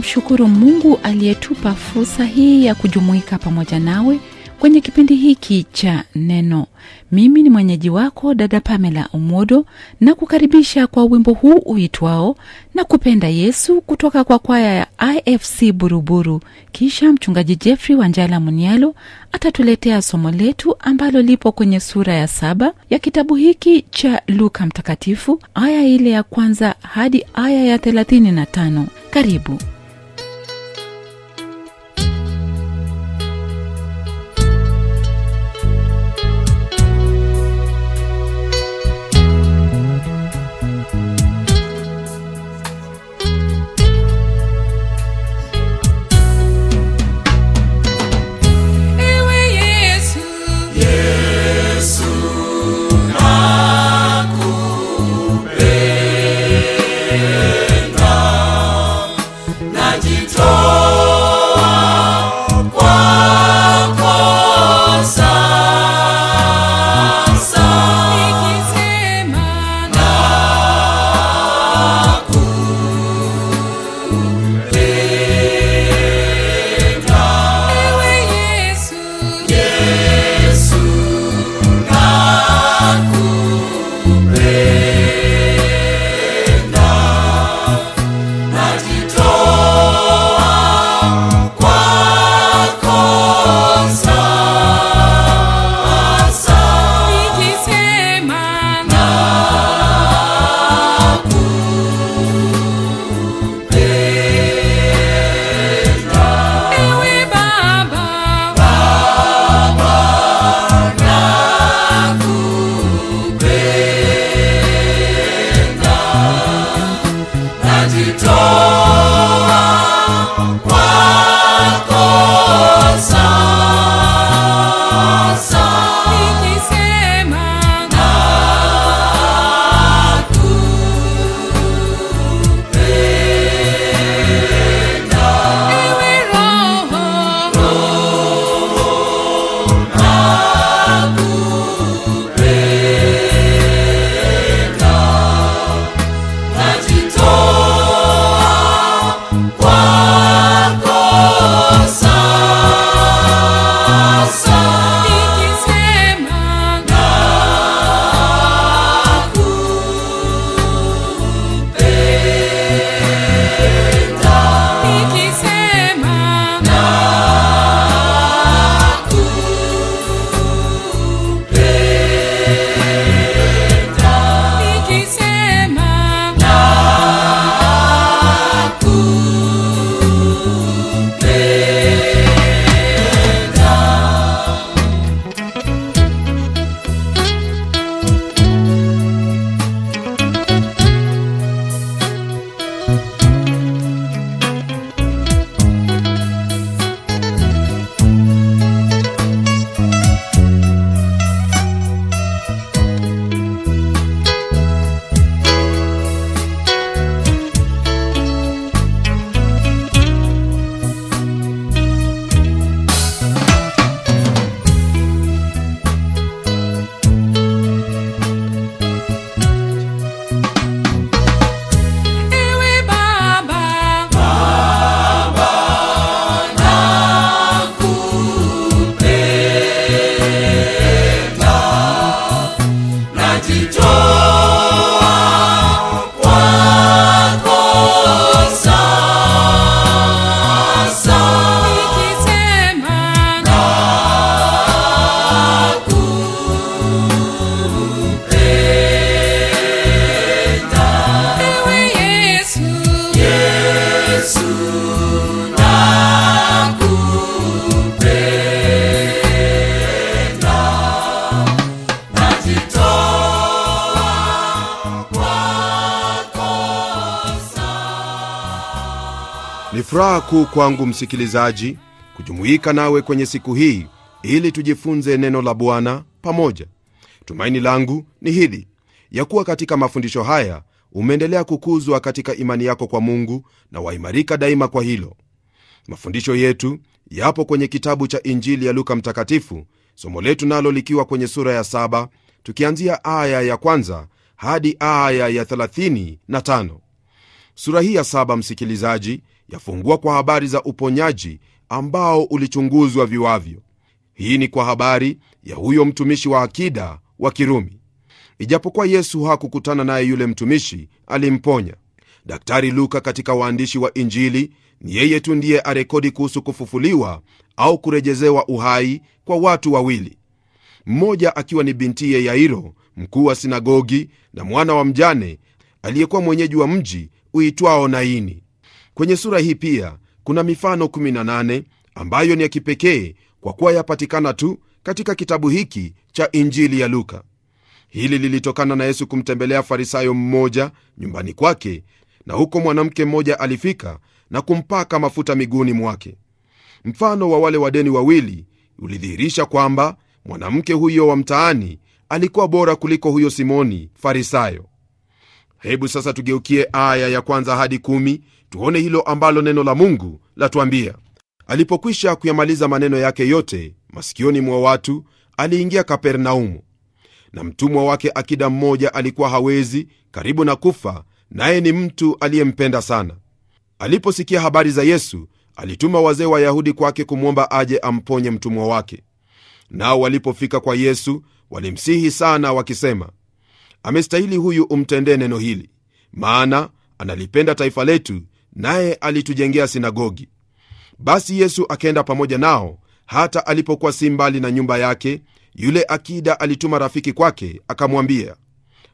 tunamshukuru Mungu aliyetupa fursa hii ya kujumuika pamoja nawe kwenye kipindi hiki cha Neno. Mimi ni mwenyeji wako dada Pamela Umodo na kukaribisha kwa wimbo huu uitwao na kupenda Yesu kutoka kwa kwaya ya IFC Buruburu. Kisha mchungaji Jeffrey Wanjala Munialo atatuletea somo letu ambalo lipo kwenye sura ya saba ya kitabu hiki cha Luka Mtakatifu, aya ile ya kwanza hadi aya ya 35. Karibu. furaha kuu kwangu msikilizaji kujumuika nawe kwenye siku hii ili tujifunze neno la bwana pamoja tumaini langu ni hili ya kuwa katika mafundisho haya umeendelea kukuzwa katika imani yako kwa mungu na waimarika daima kwa hilo mafundisho yetu yapo kwenye kitabu cha injili ya luka mtakatifu somo letu nalo likiwa kwenye sura ya saba tukianzia aya ya kwanza hadi aya ya 35 sura hii ya saba msikilizaji yafungua kwa habari za uponyaji ambao ulichunguzwa viwavyo. Hii ni kwa habari ya huyo mtumishi wa akida wa Kirumi. Ijapokuwa Yesu hakukutana naye, yule mtumishi alimponya. Daktari Luka katika waandishi wa Injili ni yeye tu ndiye arekodi kuhusu kufufuliwa au kurejezewa uhai kwa watu wawili, mmoja akiwa ni bintiye Yairo, mkuu wa sinagogi, na mwana wa mjane aliyekuwa mwenyeji wa mji uitwao Naini. Kwenye sura hii pia kuna mifano 18 ambayo ni ya kipekee kwa kuwa yapatikana tu katika kitabu hiki cha Injili ya Luka. Hili lilitokana na Yesu kumtembelea Farisayo mmoja nyumbani kwake, na huko mwanamke mmoja alifika na kumpaka mafuta miguuni mwake. Mfano wa wale wadeni wawili ulidhihirisha kwamba mwanamke huyo wa mtaani alikuwa bora kuliko huyo Simoni Farisayo. Hebu sasa tugeukie aya ya kwanza hadi kumi tuone hilo ambalo neno la Mungu latuambia. Alipokwisha kuyamaliza maneno yake yote masikioni mwa watu, aliingia Kapernaumu. Na mtumwa wake akida mmoja alikuwa hawezi, karibu na kufa, naye ni mtu aliyempenda sana. Aliposikia habari za Yesu, alituma wazee wayahudi kwake kumwomba aje amponye mtumwa wake. Nao walipofika kwa Yesu, walimsihi sana wakisema, amestahili huyu umtendee neno hili, maana analipenda taifa letu, naye alitujengea sinagogi. Basi Yesu akaenda pamoja nao. Hata alipokuwa si mbali na nyumba yake, yule akida alituma rafiki kwake, akamwambia,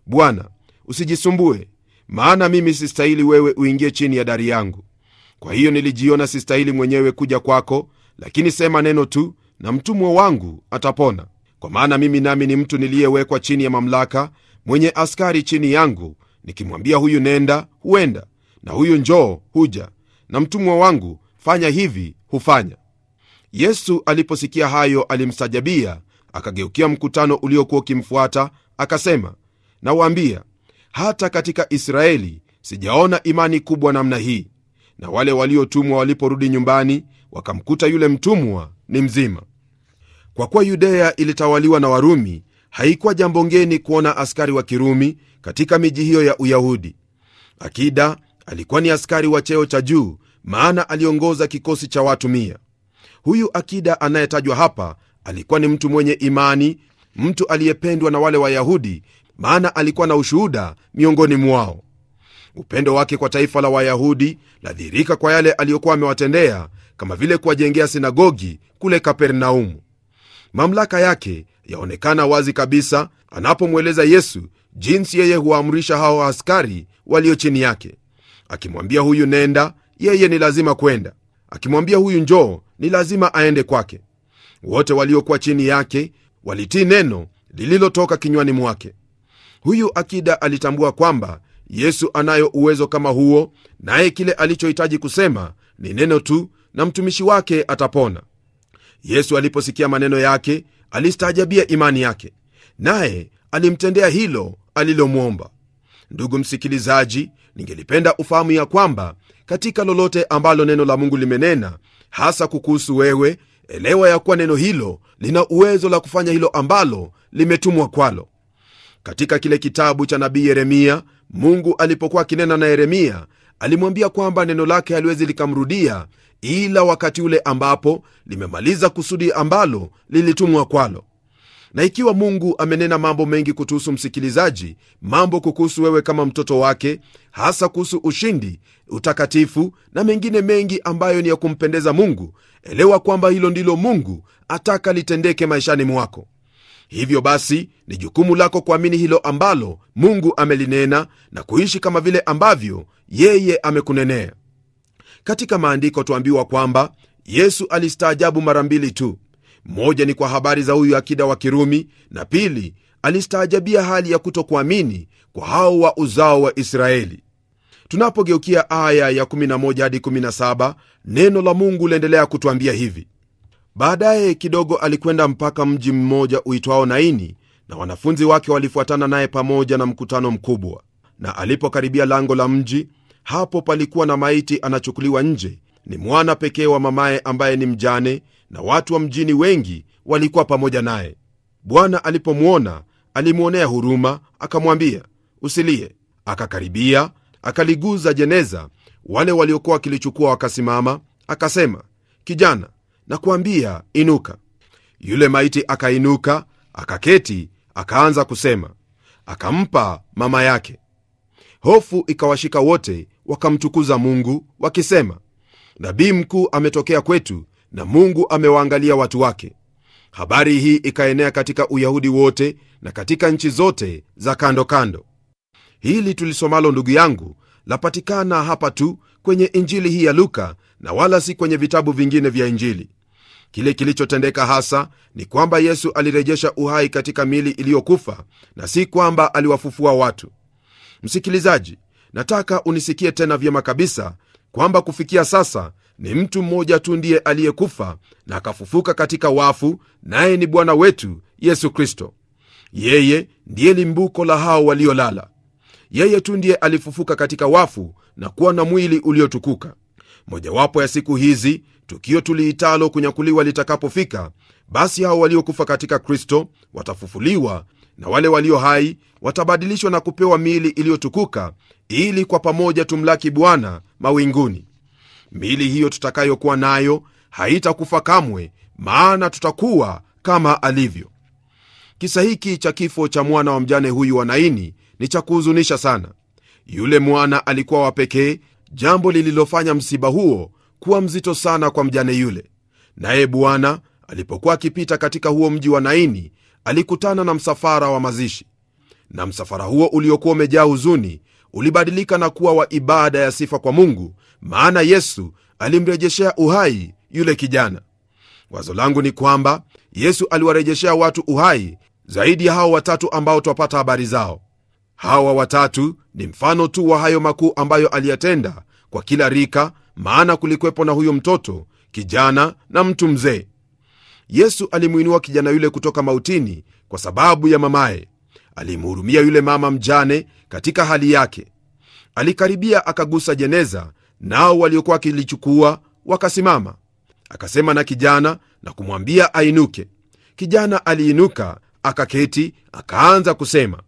Bwana, usijisumbue, maana mimi sistahili wewe uingie chini ya dari yangu. Kwa hiyo nilijiona sistahili mwenyewe kuja kwako, lakini sema neno tu, na mtumwa wangu atapona. Kwa maana mimi nami ni mtu niliyewekwa chini ya mamlaka, mwenye askari chini yangu, nikimwambia huyu nenda, huenda na huyu njoo huja, na mtumwa wangu fanya hivi hufanya. Yesu aliposikia hayo alimsajabia akageukia mkutano uliokuwa ukimfuata akasema, nawaambia hata katika Israeli sijaona imani kubwa namna hii. Na wale waliotumwa waliporudi nyumbani wakamkuta yule mtumwa ni mzima. Kwa kuwa Yudea ilitawaliwa na Warumi, haikuwa jambo ngeni kuona askari wa Kirumi katika miji hiyo ya Uyahudi. Akida Alikuwa ni askari wa cheo cha juu, maana aliongoza kikosi cha watu mia. Huyu akida anayetajwa hapa alikuwa ni mtu mwenye imani, mtu aliyependwa na wale Wayahudi, maana alikuwa na ushuhuda miongoni mwao. Upendo wake kwa taifa la Wayahudi ladhihirika kwa yale aliyokuwa amewatendea, kama vile kuwajengea sinagogi kule Kapernaumu. Mamlaka yake yaonekana wazi kabisa anapomweleza Yesu jinsi yeye huwaamrisha hao askari walio chini yake akimwambia huyu nenda, yeye ni lazima kwenda, akimwambia huyu njoo, ni lazima aende kwake. Wote waliokuwa chini yake walitii neno lililotoka kinywani mwake. Huyu akida alitambua kwamba Yesu anayo uwezo kama huo, naye kile alichohitaji kusema ni neno tu, na mtumishi wake atapona. Yesu aliposikia maneno yake alistaajabia imani yake, naye alimtendea hilo alilomwomba. Ndugu msikilizaji, ningelipenda ufahamu ya kwamba katika lolote ambalo neno la Mungu limenena hasa kukuhusu wewe, elewa ya kuwa neno hilo lina uwezo la kufanya hilo ambalo limetumwa kwalo. Katika kile kitabu cha nabii Yeremia, Mungu alipokuwa akinena na Yeremia alimwambia kwamba neno lake haliwezi likamrudia ila wakati ule ambapo limemaliza kusudi ambalo lilitumwa kwalo na ikiwa mungu amenena mambo mengi kutuhusu msikilizaji mambo kukuhusu wewe kama mtoto wake hasa kuhusu ushindi utakatifu na mengine mengi ambayo ni ya kumpendeza mungu elewa kwamba hilo ndilo mungu ataka litendeke maishani mwako hivyo basi ni jukumu lako kuamini hilo ambalo mungu amelinena na kuishi kama vile ambavyo yeye amekunenea katika maandiko tuambiwa kwamba yesu alistaajabu mara mbili tu moja ni kwa habari za huyu akida wa Kirumi, na pili alistaajabia hali ya kutokuamini kwa hao wa uzao wa Israeli. Tunapogeukia aya ya 11 hadi 17, neno la Mungu laendelea kutwambia hivi: baadaye kidogo alikwenda mpaka mji mmoja uitwao Naini, na wanafunzi wake walifuatana naye pamoja na mkutano mkubwa. Na alipokaribia lango la mji, hapo palikuwa na maiti anachukuliwa nje, ni mwana pekee wa mamaye ambaye ni mjane, na watu wa mjini wengi walikuwa pamoja naye. Bwana alipomwona alimwonea huruma, akamwambia usilie. Akakaribia akaliguza jeneza, wale waliokuwa wakilichukua wakasimama. Akasema, kijana, nakuambia inuka. Yule maiti akainuka, akaketi, akaanza kusema. Akampa mama yake. Hofu ikawashika wote, wakamtukuza Mungu wakisema, nabii mkuu ametokea kwetu, na Mungu amewaangalia watu wake. Habari hii ikaenea katika Uyahudi wote na katika nchi zote za kando kando. Hili tulisomalo ndugu yangu lapatikana hapa tu kwenye Injili hii ya Luka na wala si kwenye vitabu vingine vya Injili. Kile kilichotendeka hasa ni kwamba Yesu alirejesha uhai katika mili iliyokufa na si kwamba aliwafufua watu. Msikilizaji, nataka unisikie tena vyema kabisa kwamba kufikia sasa ni mtu mmoja tu ndiye aliyekufa na akafufuka katika wafu, naye ni Bwana wetu Yesu Kristo. Yeye ndiye limbuko la hao waliolala. Yeye tu ndiye alifufuka katika wafu na kuwa na mwili uliotukuka. Mojawapo ya siku hizi tukio tuliitalo kunyakuliwa litakapofika, basi hao waliokufa katika Kristo watafufuliwa na wale walio hai watabadilishwa na kupewa miili iliyotukuka, ili kwa pamoja tumlaki Bwana mawinguni mili hiyo tutakayokuwa nayo haitakufa kamwe, maana tutakuwa kama alivyo. Kisa hiki cha kifo cha mwana wa mjane huyu wa Naini ni cha kuhuzunisha sana. Yule mwana alikuwa wa pekee, jambo lililofanya msiba huo kuwa mzito sana kwa mjane yule. Naye Bwana alipokuwa akipita katika huo mji wa Naini, alikutana na msafara wa mazishi, na msafara huo uliokuwa umejaa huzuni ulibadilika na kuwa wa ibada ya sifa kwa Mungu maana yesu alimrejeshea uhai yule kijana wazo langu ni kwamba yesu aliwarejeshea watu uhai zaidi ya hao watatu ambao twapata habari zao hawa watatu ni mfano tu wa hayo makuu ambayo aliyatenda kwa kila rika maana kulikwepo na huyo mtoto kijana na mtu mzee yesu alimwinua kijana yule kutoka mautini kwa sababu ya mamaye alimhurumia yule mama mjane katika hali yake alikaribia akagusa jeneza nao waliokuwa wakilichukua wakasimama. Akasema na kijana na kumwambia ainuke. Kijana aliinuka akaketi, akaanza kusema.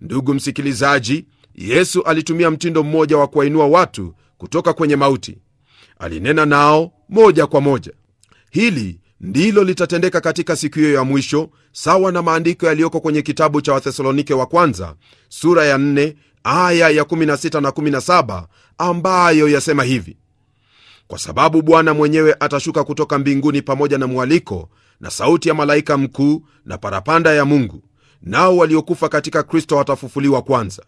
Ndugu msikilizaji, Yesu alitumia mtindo mmoja wa kuwainua watu kutoka kwenye mauti. Alinena nao moja kwa moja. Hili ndilo litatendeka katika siku hiyo ya mwisho, sawa na maandiko yaliyoko kwenye kitabu cha Wathesalonike wa kwanza sura ya aya ya 16 na 17 ambayo yasema hivi kwa sababu bwana mwenyewe atashuka kutoka mbinguni pamoja na mwaliko na sauti ya malaika mkuu na parapanda ya mungu nao waliokufa katika kristo watafufuliwa kwanza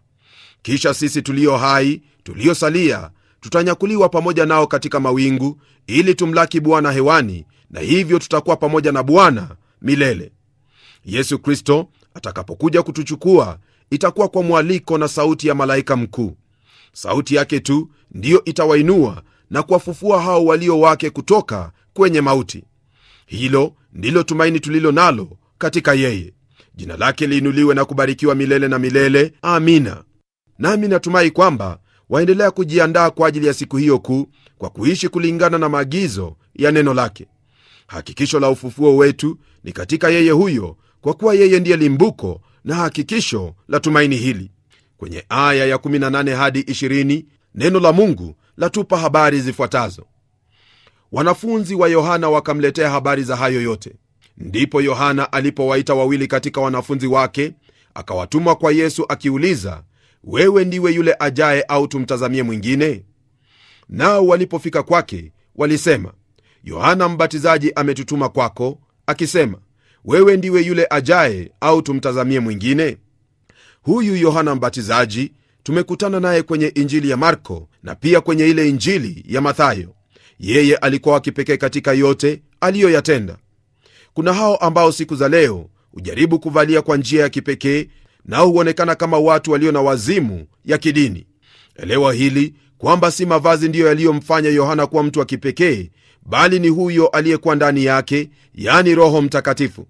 kisha sisi tuliyo hai tuliyosalia tutanyakuliwa pamoja nao katika mawingu ili tumlaki bwana hewani na hivyo tutakuwa pamoja na bwana milele yesu kristo atakapokuja kutuchukua itakuwa kwa mwaliko na sauti ya malaika mkuu. Sauti yake tu ndiyo itawainua na kuwafufua hao walio wake kutoka kwenye mauti. Hilo ndilo tumaini tulilo nalo katika yeye. Jina lake liinuliwe na kubarikiwa milele na milele. Amina. Nami natumai kwamba waendelea kujiandaa kwa ajili ya siku hiyo kuu kwa kuishi kulingana na maagizo ya neno lake. Hakikisho la ufufuo wetu ni katika yeye huyo, kwa kuwa yeye ndiye limbuko na hakikisho la tumaini hili. Kwenye aya ya 18 hadi 20 neno la Mungu latupa habari zifuatazo: wanafunzi wa Yohana wakamletea habari za hayo yote. Ndipo Yohana alipowaita wawili katika wanafunzi wake akawatuma kwa Yesu akiuliza, wewe ndiwe yule ajaye au tumtazamie mwingine? Nao walipofika kwake walisema, Yohana Mbatizaji ametutuma kwako akisema, wewe ndiwe yule ajaye au tumtazamie mwingine? Huyu Yohana Mbatizaji tumekutana naye kwenye Injili ya Marko na pia kwenye ile Injili ya Mathayo. Yeye alikuwa wakipekee kipekee katika yote aliyoyatenda. Kuna hao ambao siku za leo hujaribu kuvalia kwa njia ya kipekee, nao huonekana kama watu walio na wazimu ya kidini. Elewa hili kwamba si mavazi ndiyo yaliyomfanya Yohana kuwa mtu wa kipekee, bali ni huyo aliyekuwa ndani yake, yani Roho Mtakatifu.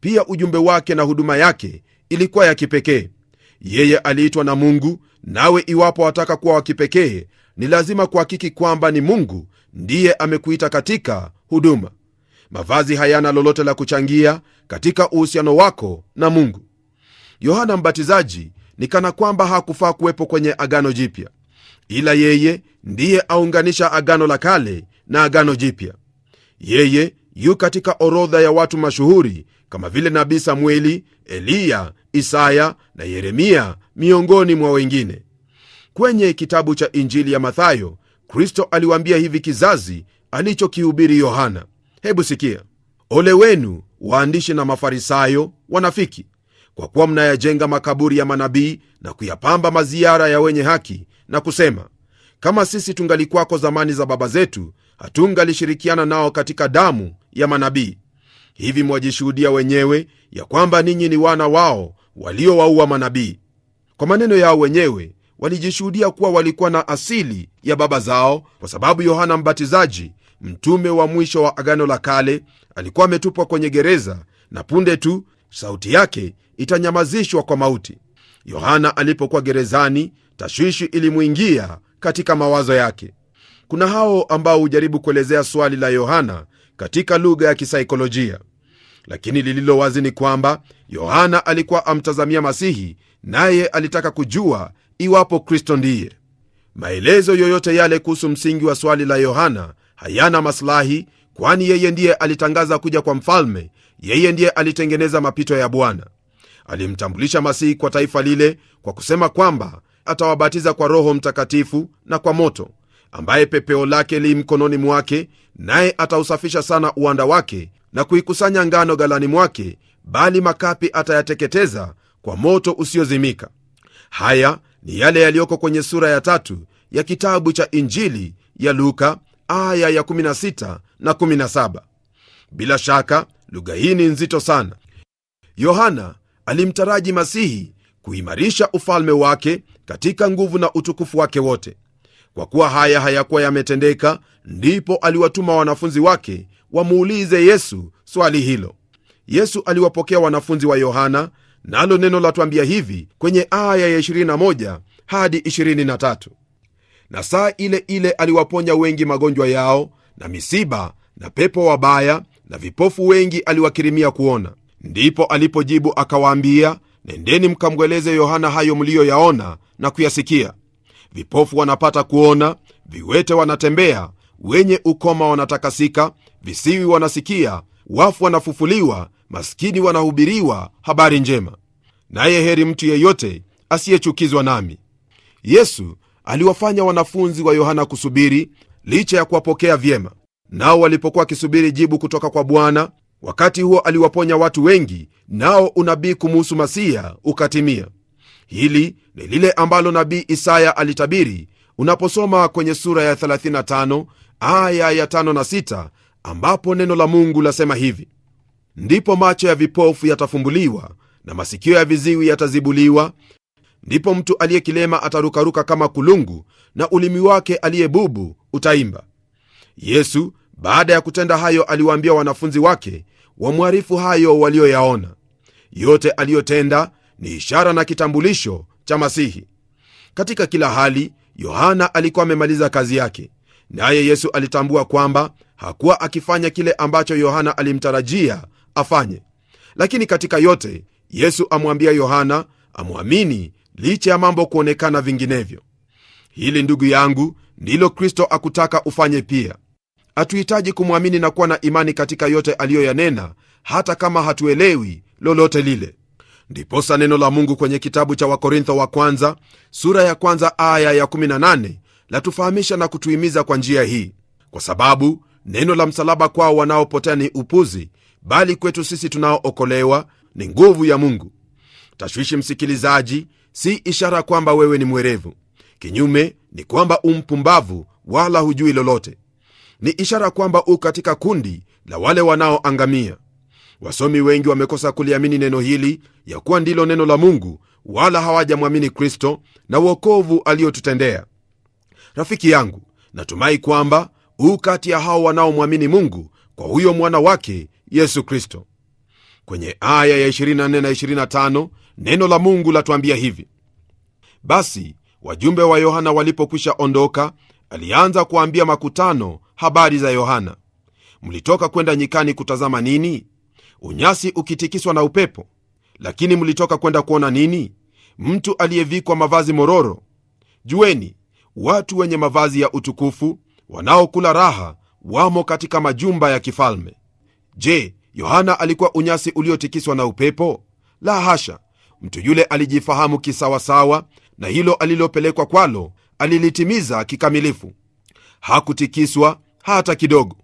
Pia ujumbe wake na huduma yake ilikuwa ya kipekee. Yeye aliitwa na Mungu, nawe iwapo wataka kuwa wa kipekee, ni lazima kuhakiki kwamba ni Mungu ndiye amekuita katika huduma. Mavazi hayana lolote la kuchangia katika uhusiano wako na Mungu. Yohana Mbatizaji ni kana kwamba hakufaa kuwepo kwenye Agano Jipya, ila yeye ndiye aunganisha Agano la Kale na Agano Jipya. Yeye yu katika orodha ya watu mashuhuri kama vile Nabii Samueli, Eliya, Isaya na Yeremia, miongoni mwa wengine. Kwenye kitabu cha Injili ya Mathayo, Kristo aliwaambia hivi kizazi alichokihubiri Yohana. Hebu sikia: ole wenu waandishi na Mafarisayo, wanafiki, kwa kuwa mnayajenga makaburi ya manabii na kuyapamba maziara ya wenye haki, na kusema, kama sisi tungalikwako zamani za baba zetu, hatungalishirikiana nao katika damu ya manabii. Hivi mwajishuhudia wenyewe ya kwamba ninyi ni wana wao waliowaua manabii. Kwa maneno yao wenyewe walijishuhudia kuwa walikuwa na asili ya baba zao, kwa sababu Yohana Mbatizaji, mtume wa mwisho wa Agano la Kale, alikuwa ametupwa kwenye gereza, na punde tu sauti yake itanyamazishwa kwa mauti. Yohana alipokuwa gerezani, tashwishi ilimwingia katika mawazo yake kuna hao ambao hujaribu kuelezea swali la Yohana katika lugha ya kisaikolojia, lakini lililo wazi ni kwamba Yohana alikuwa amtazamia Masihi, naye alitaka kujua iwapo Kristo ndiye. Maelezo yoyote yale kuhusu msingi wa swali la Yohana hayana masilahi, kwani yeye ndiye alitangaza kuja kwa mfalme. Yeye ndiye alitengeneza mapito ya Bwana. Alimtambulisha Masihi kwa taifa lile kwa kusema kwamba atawabatiza kwa Roho Mtakatifu na kwa moto ambaye pepeo lake li mkononi mwake, naye atausafisha sana uwanda wake na kuikusanya ngano ghalani mwake, bali makapi atayateketeza kwa moto usiozimika. Haya ni yale yaliyoko kwenye sura ya tatu ya kitabu cha Injili ya Luka aya ya 16 na 17. Bila shaka lugha hii ni nzito sana. Yohana alimtaraji Masihi kuimarisha ufalme wake katika nguvu na utukufu wake wote. Kwa kuwa haya hayakuwa yametendeka, ndipo aliwatuma wanafunzi wake wamuulize Yesu swali hilo. Yesu aliwapokea wanafunzi wa Yohana, nalo neno la twambia hivi kwenye aya ya 21 hadi 23: na saa ile ile aliwaponya wengi magonjwa yao na misiba na pepo wabaya na vipofu wengi aliwakirimia kuona. Ndipo alipojibu akawaambia, nendeni mkamweleze Yohana hayo mliyoyaona na kuyasikia vipofu wanapata kuona, viwete wanatembea, wenye ukoma wanatakasika, visiwi wanasikia, wafu wanafufuliwa, maskini wanahubiriwa habari njema, naye heri mtu yeyote asiyechukizwa nami. Yesu aliwafanya wanafunzi wa Yohana kusubiri licha ya kuwapokea vyema, nao walipokuwa wakisubiri jibu kutoka kwa Bwana, wakati huo aliwaponya watu wengi, nao unabii kumuhusu Masiya ukatimia hili ni lile ambalo nabii isaya alitabiri unaposoma kwenye sura ya 35 aya ya 5 na 6 ambapo neno la mungu lasema hivi ndipo macho ya vipofu yatafumbuliwa na masikio ya viziwi yatazibuliwa ndipo mtu aliye kilema atarukaruka kama kulungu na ulimi wake aliye bubu utaimba yesu baada ya kutenda hayo aliwaambia wanafunzi wake wamwarifu hayo walioyaona yote aliyotenda ni ishara na kitambulisho cha Masihi. Katika kila hali, Yohana alikuwa amemaliza kazi yake, naye Yesu alitambua kwamba hakuwa akifanya kile ambacho Yohana alimtarajia afanye, lakini katika yote Yesu amwambia Yohana amwamini licha ya mambo kuonekana vinginevyo. Hili ndugu yangu, ndilo Kristo akutaka ufanye pia. Hatuhitaji kumwamini na kuwa na imani katika yote aliyoyanena, hata kama hatuelewi lolote lile ndiposa neno la mungu kwenye kitabu cha wakorintho wa kwanza sura ya kwanza aya ya 18 latufahamisha na kutuhimiza kwa njia hii kwa sababu neno la msalaba kwao wanaopotea ni upuzi bali kwetu sisi tunaookolewa ni nguvu ya mungu tashwishi msikilizaji si ishara kwamba wewe ni mwerevu kinyume ni kwamba umpumbavu wala hujui lolote ni ishara kwamba u katika kundi la wale wanaoangamia Wasomi wengi wamekosa kuliamini neno hili ya kuwa ndilo neno la Mungu, wala hawajamwamini Kristo na uokovu aliotutendea. Rafiki yangu, natumai kwamba huu kati ya hao wanaomwamini Mungu kwa huyo mwana wake Yesu Kristo. Kwenye aya ya 24 na 25 neno la Mungu latuambia hivi: basi wajumbe wa Yohana walipokwisha ondoka, alianza kuambia makutano habari za Yohana. Mlitoka kwenda nyikani kutazama nini? unyasi ukitikiswa na upepo. Lakini mlitoka kwenda kuona nini? Mtu aliyevikwa mavazi mororo. Jueni, watu wenye mavazi ya utukufu wanaokula raha wamo katika majumba ya kifalme. Je, Yohana alikuwa unyasi uliotikiswa na upepo? La hasha! Mtu yule alijifahamu kisawasawa, na hilo alilopelekwa kwalo alilitimiza kikamilifu. Hakutikiswa hata kidogo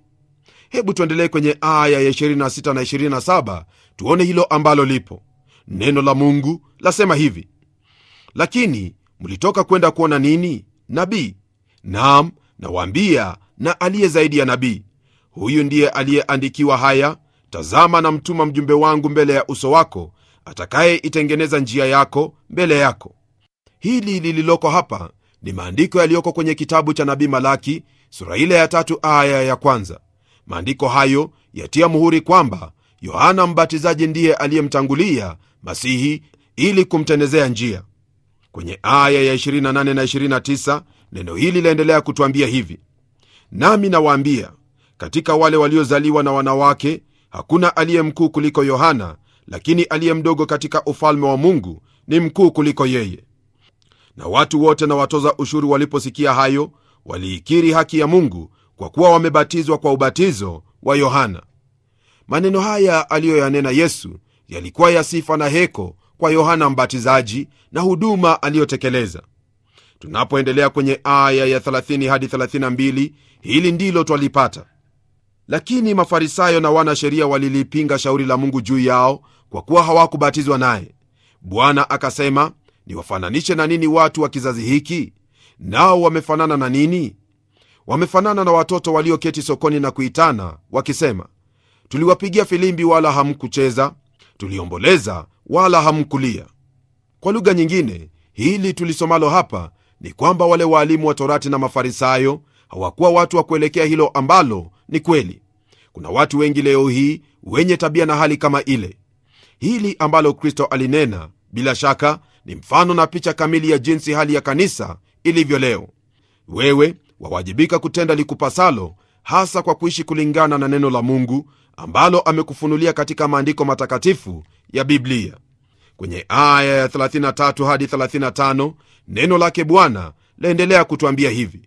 hebu tuendelee kwenye aya ya 26 na 27 tuone hilo ambalo lipo neno la mungu lasema hivi lakini mlitoka kwenda kuona nini nabii nam nawaambia na aliye zaidi ya nabii huyu ndiye aliyeandikiwa haya tazama namtuma mjumbe wangu mbele ya uso wako atakayeitengeneza njia yako mbele yako hili lililoko hapa ni maandiko yaliyoko kwenye kitabu cha nabii malaki sura ile ya tatu aya ya kwanza Maandiko hayo yatia muhuri kwamba Yohana Mbatizaji ndiye aliyemtangulia Masihi ili kumtendezea njia. Kwenye aya ya 28 na 29 neno hili laendelea kutwambia hivi: nami nawaambia katika wale waliozaliwa na wanawake hakuna aliye mkuu kuliko Yohana, lakini aliye mdogo katika ufalme wa Mungu ni mkuu kuliko yeye. Na watu wote na watoza ushuru waliposikia hayo, waliikiri haki ya Mungu kwa kuwa wamebatizwa kwa ubatizo wa Yohana. Maneno haya aliyoyanena Yesu yalikuwa ya sifa na heko kwa Yohana Mbatizaji na huduma aliyotekeleza. Tunapoendelea kwenye aya ya 30 hadi 32, hili ndilo twalipata: lakini Mafarisayo na wanasheria walilipinga shauri la Mungu juu yao, kwa kuwa hawakubatizwa naye. Bwana akasema, niwafananishe na nini watu wa kizazi hiki? Nao wamefanana na nini? wamefanana na watoto walioketi sokoni na kuitana wakisema, tuliwapigia filimbi wala hamkucheza, tuliomboleza wala hamkulia. Kwa lugha nyingine, hili tulisomalo hapa ni kwamba wale waalimu wa Torati na Mafarisayo hawakuwa watu wa kuelekea hilo ambalo ni kweli. Kuna watu wengi leo hii wenye tabia na hali kama ile. Hili ambalo Kristo alinena bila shaka ni mfano na picha kamili ya jinsi hali ya kanisa ilivyo leo. Wewe wawajibika kutenda likupasalo, hasa kwa kuishi kulingana na neno la Mungu ambalo amekufunulia katika maandiko matakatifu ya Biblia. Kwenye aya ya 33 hadi 35 neno lake Bwana laendelea kutwambia hivi: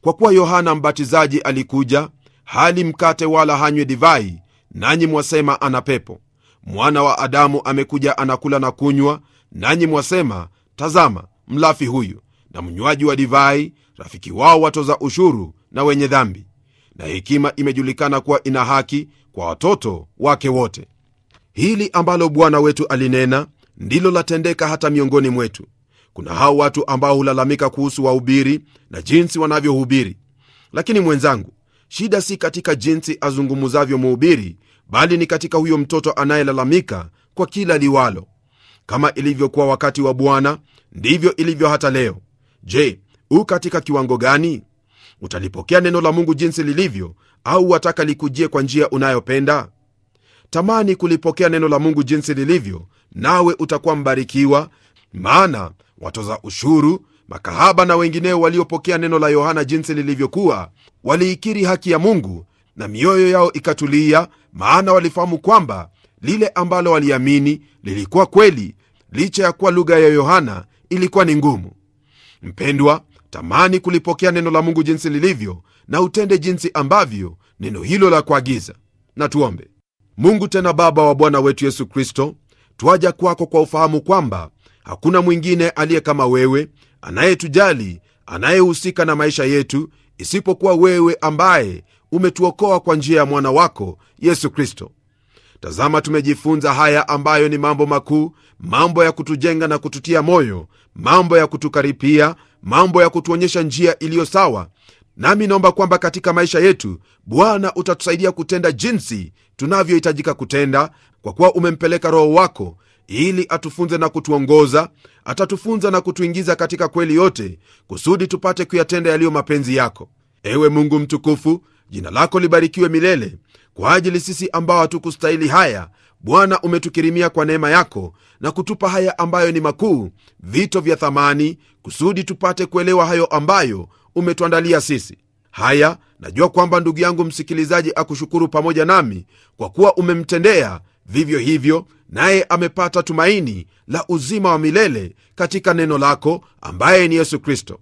kwa kuwa Yohana Mbatizaji alikuja hali mkate wala hanywe divai, nanyi mwasema ana pepo. Mwana wa Adamu amekuja anakula na kunywa, nanyi mwasema, tazama mlafi huyu na mnywaji wa divai, rafiki wao watoza ushuru na wenye dhambi, na hekima imejulikana kuwa ina haki kwa watoto wake wote. Hili ambalo Bwana wetu alinena ndilo latendeka hata miongoni mwetu. Kuna hao watu ambao hulalamika kuhusu wahubiri na jinsi wanavyohubiri, lakini mwenzangu, shida si katika jinsi azungumuzavyo mhubiri, bali ni katika huyo mtoto anayelalamika kwa kila liwalo. Kama ilivyokuwa wakati wa Bwana, ndivyo ilivyo hata leo. Je, u katika kiwango gani? Utalipokea neno la Mungu jinsi lilivyo, au wataka likujie kwa njia unayopenda? Tamani kulipokea neno la Mungu jinsi lilivyo, nawe utakuwa mbarikiwa, maana watoza ushuru, makahaba na wengineo waliopokea neno la Yohana jinsi lilivyokuwa, waliikiri haki ya Mungu na mioyo yao ikatulia, maana walifahamu kwamba lile ambalo waliamini lilikuwa kweli, licha ya kuwa lugha ya Yohana ilikuwa ni ngumu. Mpendwa, tamani kulipokea neno la Mungu jinsi lilivyo, na utende jinsi ambavyo neno hilo la kuagiza. Na tuombe. Mungu tena Baba wa Bwana wetu Yesu Kristo, twaja kwako kwa ufahamu kwamba hakuna mwingine aliye kama wewe, anayetujali, anayehusika na maisha yetu, isipokuwa wewe ambaye umetuokoa kwa njia ya mwana wako Yesu Kristo. Tazama, tumejifunza haya ambayo ni mambo makuu, mambo ya kutujenga na kututia moyo, mambo ya kutukaripia mambo ya kutuonyesha njia iliyo sawa nami naomba kwamba katika maisha yetu bwana utatusaidia kutenda jinsi tunavyohitajika kutenda kwa kuwa umempeleka roho wako ili atufunze na kutuongoza atatufunza na kutuingiza katika kweli yote kusudi tupate kuyatenda yaliyo mapenzi yako ewe mungu mtukufu jina lako libarikiwe milele kwa ajili sisi ambao hatukustahili haya bwana umetukirimia kwa neema yako na kutupa haya ambayo ni makuu vito vya thamani kusudi tupate kuelewa hayo ambayo umetuandalia sisi haya najua kwamba ndugu yangu msikilizaji akushukuru pamoja nami kwa kuwa umemtendea vivyo hivyo naye amepata tumaini la uzima wa milele katika neno lako ambaye ni yesu kristo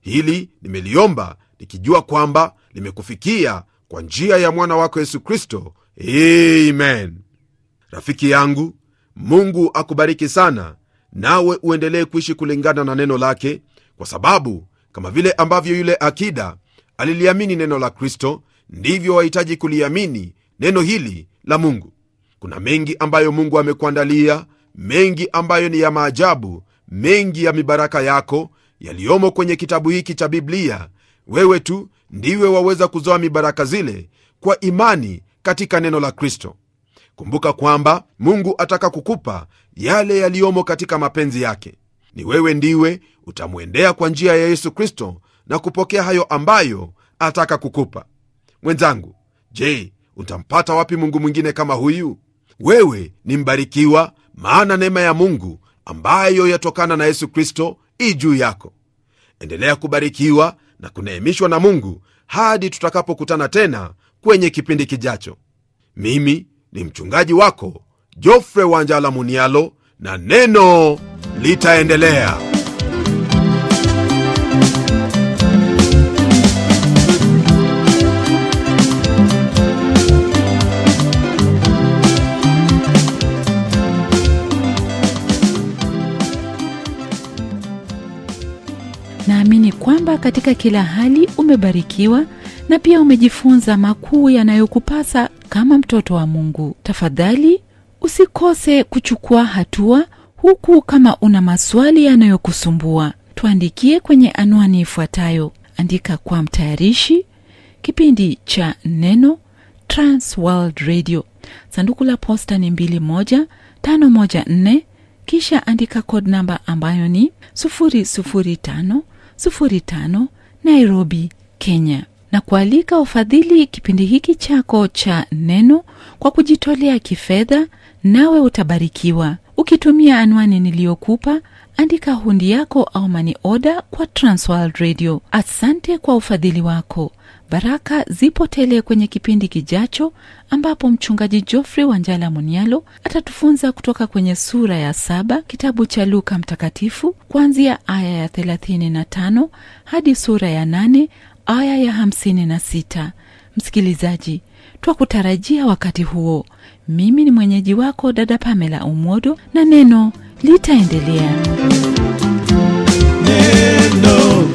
hili nimeliomba nikijua kwamba limekufikia kwa njia ya mwana wako Yesu Kristo. Amen. Rafiki yangu, Mungu akubariki sana, nawe uendelee kuishi kulingana na neno lake, kwa sababu kama vile ambavyo yule akida aliliamini neno la Kristo, ndivyo wahitaji kuliamini neno hili la Mungu. Kuna mengi ambayo Mungu amekuandalia, mengi ambayo ni ya maajabu, mengi ya mibaraka yako yaliyomo kwenye kitabu hiki cha Biblia. Wewe tu ndiwe waweza kuzoa mibaraka zile kwa imani katika neno la Kristo. Kumbuka kwamba Mungu ataka kukupa yale yaliyomo katika mapenzi yake. Ni wewe ndiwe utamwendea kwa njia ya Yesu Kristo na kupokea hayo ambayo ataka kukupa. Mwenzangu, je, utampata wapi Mungu mwingine kama huyu? Wewe ni mbarikiwa, maana neema ya Mungu ambayo yatokana na Yesu Kristo i juu yako. Endelea kubarikiwa na kuneemishwa na Mungu hadi tutakapokutana tena kwenye kipindi kijacho. Mimi ni mchungaji wako Jofre Wanjala Munialo, na neno litaendelea. Naamini kwamba katika kila hali umebarikiwa na pia umejifunza makuu yanayokupasa kama mtoto wa Mungu. Tafadhali usikose kuchukua hatua, huku kama una maswali yanayokusumbua tuandikie kwenye anwani ifuatayo: andika kwa mtayarishi kipindi cha Neno, Transworld Radio, sanduku la posta ni 21514, kisha andika code namba ambayo ni 5 Nairobi, Kenya, na kualika ufadhili kipindi hiki chako cha Neno kwa kujitolea kifedha, nawe utabarikiwa. Ukitumia anwani niliyokupa, andika hundi yako au mani oda kwa Transworld Radio. Asante kwa ufadhili wako. Baraka zipo tele kwenye kipindi kijacho, ambapo mchungaji wa njala Munialo atatufunza kutoka kwenye sura ya saba kitabu cha Luka Mtakatifu, kuanzia aya ya 35 hadi sura ya 8 aya ya 56. Msikilizaji, twakutarajia wakati huo. Mimi ni mwenyeji wako dada Pamela Umodo, na neno litaendelea. Neno